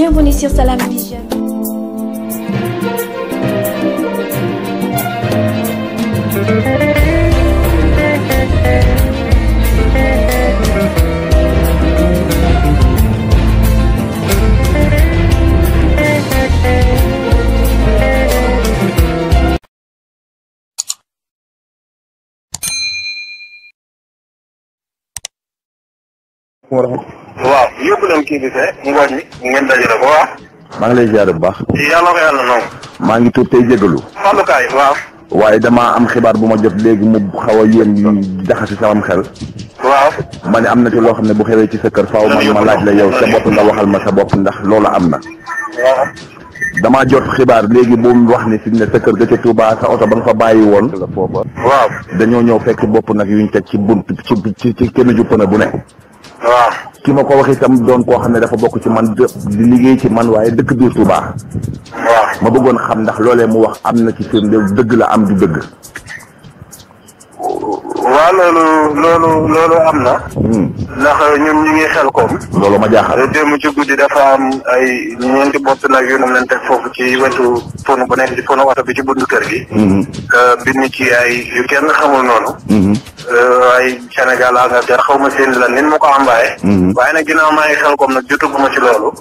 Bienvenue sur Salam Vision. wa yëpp dem kii bi see ngooñ bi ngeen dajale ko waaw. maa ngi lay ziar bu baax. yàlla ko yàlla noonu. maa ngi tuub tey jégalu. Fallukaay waaw. waaye damaa am xibaar bu ma jot léegi mu xaw a yéen di jaxasi sama xel. waaw. ma ne am na ci loo xam ne bu xewee ci sa kër faaw man ma laaj la yow sa bopp nga waxal ma sa bopp ndax loolu am na. waaw. damaa jot xibaar léegi bu mu wax ni si ne sa kër ga ca Touba sa oto ba nga fa bàyyi woon. waaw dañoo ñëw fekk bopp nag yuñ teg ci bunt ci ci ci kenn ju pëna bu ne. waaw. ki ma ko wax itam doon koo xam ne dafa bokk ci man di liggéey ci man waaye dëkk biir waaw ma bëggoon xam ndax loolee mu wax am na ci firnde dëgg la am du dëgg. waaw loolu loolu loolu am na. Hmm. ndax ñun ñu ngi xel koom. loolu ma jaaxal. démb ci guddi dafa am ay ñeenti bopp nag yu nu leen teg foofu ci wentu fonu bu nekk ci fonu bi ci buntu kër gi. Hmm. Euh, bind ci ay yu kenn xamul noonu. Hmm. Euh, ay Sénégal Angleterre xaw ma seen la nin ma ko envoyé. waaye nag ginnaaw maa ngi xel koom nag jotaguma ci loolu.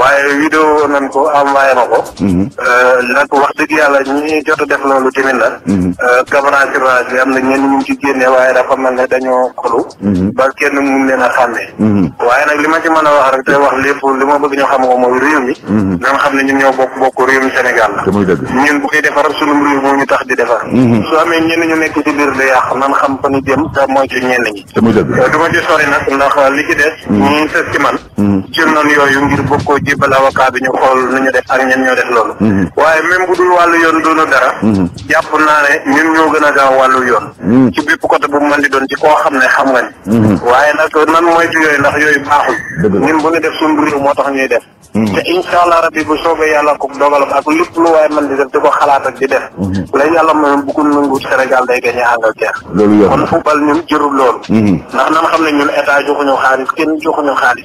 waaye vidéo nañ ko envoyé ma ko. Euh, nag wax dëgg yàlla ñi jot a def loolu tamit la caméra surveillance bi am na ñenn ñu ngi ci waaye dafa mel ne dañoo mhm. ba kenn mun leen a xàmmee waaye nag li ma ci mën a wax rek te wax lépp li ma bëgg ñu xam ko mooy réew mi danga mhm. xam ne ñun ñoo bokk bokk réew mi Sénégal la ñun bu koy defar sunu réew moo ñu tax di defar mhm. su amee ñenn ñu nekk ci biir di yàq nan xam fa ñu jëm te mooy ci ñenn ñi euh, du ma ci sori nag ndax li ci des ñi sës ci man jël noonu yooyu ngir bokkoo jébbal avocat bi ñu xool nu ñu def ak ñen ñoo def loolu waaye même a gaaw wàllu côté bu mën di doon ci koo xam ne xam nga ni mhm. nag nan mooy ci yooyu ndax yooyu baaxul ñun bu ñu def suñu moo tax ñuy def Mm-hmm. te incha allah rabbi bu soobee yàlla ko dogalam ak lépp lu waaye mën di def di ko xalaat ak di def. Mm-hmm. la yàlla moom bu ko nangu Sénégal day gagné Angleterre. loolu kon football ñun jërul loolu. Mm-hmm. ndax nan xam ne ñun état joxuñu xaalis kenn joxuñu xaalis.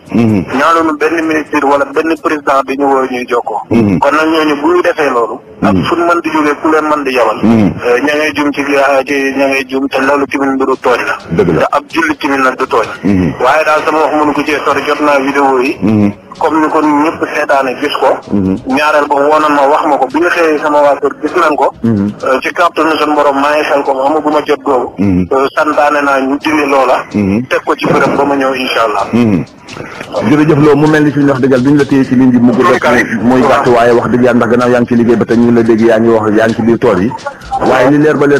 ñaanuñu benn ministre wala benn président bi ñu woo ñuy jokkoo. kon nag ñooñu bu ñu defee loolu. ak fu mën di jógee ku leen mën di yabal. Euh, ña ngay jum ci euh, ci ña ngay jum te loolu tamit mbiru tooñ la. dëgg la te ab julli tamit nag du tooñ. waaye daal sama wax comme ni ko ñëpp seetaane gis ko. Mhm. ñaareel ba woonan ma wax ma ko bi nga xëyee sama waa kër gis nañ ko. Mhm. Euh, ci kàttanu suñu borom maa ngi xel ko ma amaguma jot googu. Mhm. Euh, santaane naa ñu dindi loola. teg ko ci bërëb ba ma ñëw incha allah. jërëjëf loo mu mel ni suñu wax dëggal duñ la téye ci bi wax dëgg yàlla ndax gannaaw yaa ngi ci ngi la dégg yaa ngi wax yaa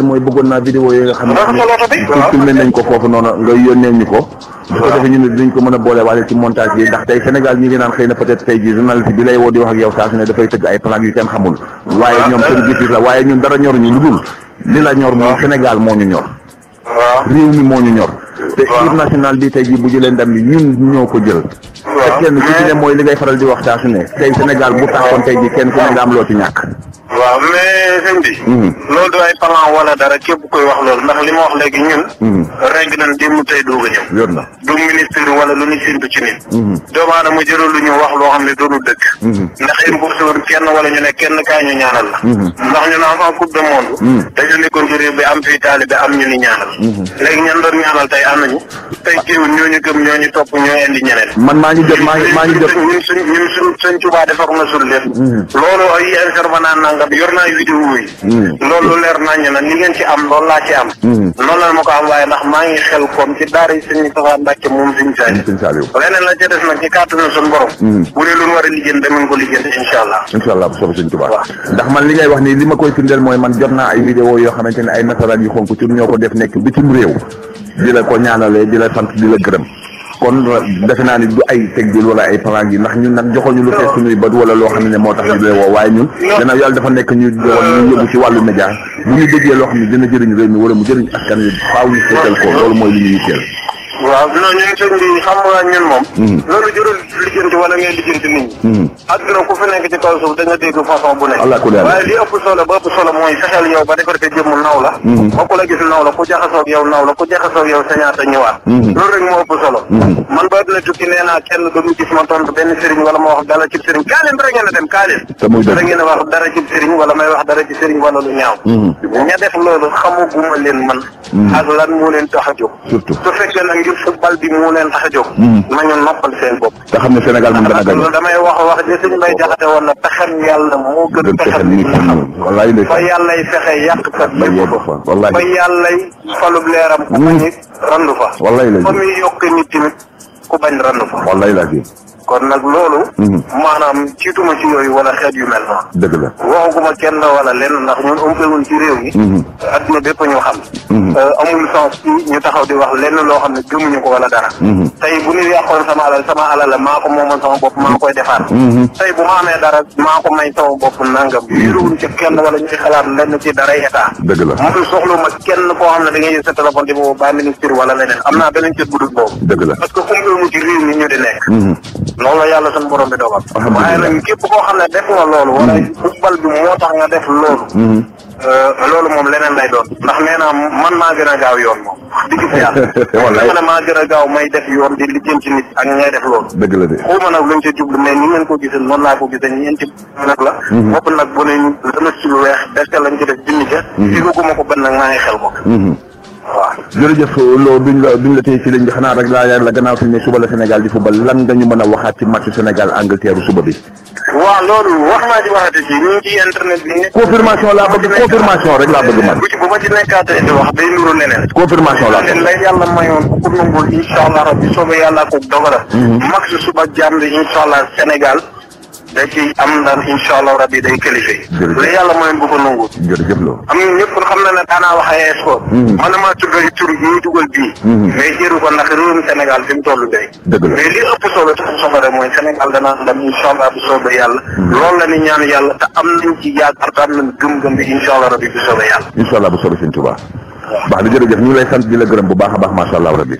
mooy bëggoon naa vidéo yi ne filmé nañ ko foofu noonu nga ko bu ko defee ñu ne mën a boole waale ci montage ndax tey Sénégal ñi ngi naan xëy na peut-être tey ji journaliste bi lay woo di wax ak yow saa su ne dafay tëgg ay plan yu kenn xamul waaye ñoom seen gis-gis la waaye ñun dara ñor ñu lu li la ñor mooy Sénégal moo ñu ñor réew mi moo ñor te équipe nationale bi tey jii bu jëlee ndam bi ñun ñoo ko jël waaw kenn ku di wax saa su ne tey Sénégal bu tàkkoon tey ji kenn ku mhm. wala dara képp koy wax loolu ndax li ma wax léegi ñun. Mhm. reng nañ démb tey doog a ñëw. yor na du ministre wala lu ñu séntu ci nit. Mhm. doomu aadama jëloon lu ñu wax loo xam ne doonul dëkk. ndax imposé woon kenn wala ñu ne kenn kaay ñu ñaanal la. ndax ñu naan fan coupe de monde. dañu nekkoon ci réew bi am fii taali bi am ñu ni ñaanal. léegi ñan doon ñaanal tey am nañu. tey teewul ñooñu gëm ñooñu topp ñoo indi ñeneen. maa ngi maa ngi jot ñun suñ ñun suñ suñ Tuubaa defar na suñ lépp hmm. loolu ay intervenant nangam yor naa vidéo yi hmm. loolu leer nañu na li ngeen ci am loolu laa ci am noonu hmm. la ma ko am waaye ndax maa ngi xel koom ci daara yi suñu safa Mbàkke moom suñ saali leneen la ca des nag ci kàttu na suñ borom bu lu ñu war a liggéey damañ ko liggéey incha allah incha allah bu soobee suñ Tuubaa ndax man li wax ni li ma koy firndeel mooy man jot naa ay vidéo yoo xamante ne ay nasaraan yu xonk ci ko def nekk bitim réew di la ko ñaanalee di la sant di la gërëm kon defe naa ni du ay tegdil wala ay plan yi ndax ñun nag joxoñu lu fees suñuy bët wala loo xam ne moo tax ñu doy woo waaye ñun gannaaw yàlla dafa nekk ñu doon ñu ci wàllu média mu ñu déggee loo xam ne dina jëriñ réew mi wala mu jëriñ askan wi faaw ñu seetal ko loolu mooy li ñu yitteel waaw non ñun sëñ bi xam nga ñun moom. Hmm. loolu jërul lijjanti wala ngay lijjanti nit ñi. àdduna hmm. ku fi nekk ci kaw suuf da nga dégg bu nekk. waaye li ëpp solo ba ëpp solo mooy fexeel yow ba décorté jëmm naw la. Hmm. ba ku la gis naw la ku jaxasoog yow naw la ku jaxasoog yow sañaata ñëwaat. moo ëpp solo. man ba dina tukki nee kenn du gis ma tontu benn sëriñ wala ma wax dara cib sëriñ kaaleen dara ngeen a dem kaaleen. dara a wax dara cib sëriñ wala may wax dara ci Mm. ak lan moo leen tax a jóg. surtout su fekkee nag leen tax a jóg. Mm. nañu noppal seen bopp. te xam ne Sénégal moom dana gagné. damay wax wax ji suñu mbay jaxate woon na pexem yàlla moo gën pexem nit ñi. wallaahi ndeysa fa yàllay fexe yàq kat yëpp fa. wallaahi fa yàllay falub leeram. Mm. ku bañ randu fa. wallaahi la fa muy yokk nit tamit ku bañ randu fa. wallaahi la kon nag loolu. Mhm. maanaam ci ciituma ci yooyu wala xeet yu mel noonu. dëgg la waxaguma kenn wala lenn ndax ñun ëmpewuñ ci réew mi. Mhm. adduna bépp ñu xam. Mhm. Euh, amul sens ci ñu taxaw di wax lenn loo xam ne gëmuñu ko wala dara. tey bu ñu yàqoon sama alal sama alal la maa ko moomoon sama bopp maa koy defar. tey bu ma amee dara maa ko may sama bopp nangam. yëruwuñ ci kenn wala ñuy xalaat lenn ci dara état. dëgg la mosul soxlu kenn koo xam ne da ngay jël sa téléphone di boobu ba ministre wala leneen am naa beneen cër bu dul dëgg la parce que ëmpewuñ ci réew mi ñu di nekk. loolu yàlla seen borom bi dogal. waaye nag képp koo xam ne def nga loolu. wala hmm. football bi moo tax nga def loolu. Hmm. Euh, loolu moom leneen lay doon. ndax nee naa man maa gën a gaaw yoon moom. di gis yàlla. wallaay man maa gën a gaaw may def yoon di li jëm ci nit ak ngay def loolu. dëgg la de xaw ma nag luñ ci jublu mais ni ngeen ko gisee noonu naa ko gisee ñeenti nag la. Hmm. bopp nag bu ne lëmas ci lu weex des lañ ci def junni ca. fi ko guma ko benn nag maa ngi xel ko. waaw jërëjëf loolu duñ la duñ la tey ci liñ bi xanaa rek laa yar la gannaaw suñ ne suba la Sénégal di football lan nga ñu mën a waxaat ci match Sénégal Angleterre suba bi. waaw loolu wax naa ci waxati ci ñu ngi ci internet bi. confirmation laa bëgg confirmation rek laa bëgg man. bu ci bu ma ci nekkaatee di wax day nuru neneen. confirmation laa bëgg lay yàlla mayoon pour nangul incha allah rabbi soobee yàlla ko dogala. Mhm. max suba jàmm incha allah Sénégal. da ci am ndam incha allah dañ day qualifié. jërëjëf yàlla mooy bu ko nangu. jërëjëf loolu. am na ñëpp xam na ne daanaa wax ay sport. Hmm. man na maa tuddal tur bi dugal bii. Hmm. mais jëru ko ndax réewum Sénégal fi mu toll day. dëgg la mais li ëpp solo te fu soxla mooy Sénégal danaa ndam incha bu soobee yàlla. Hmm. loolu la ni ñaan yàlla te am nañ ci yaakaar te am gëm-gëm bi incha allah rabi bu soobee yàlla. incha allah bu soobee sëñ Tuubaa. waaw baax na jërëjëf di la gërëm bu baax a baax macha allah rabi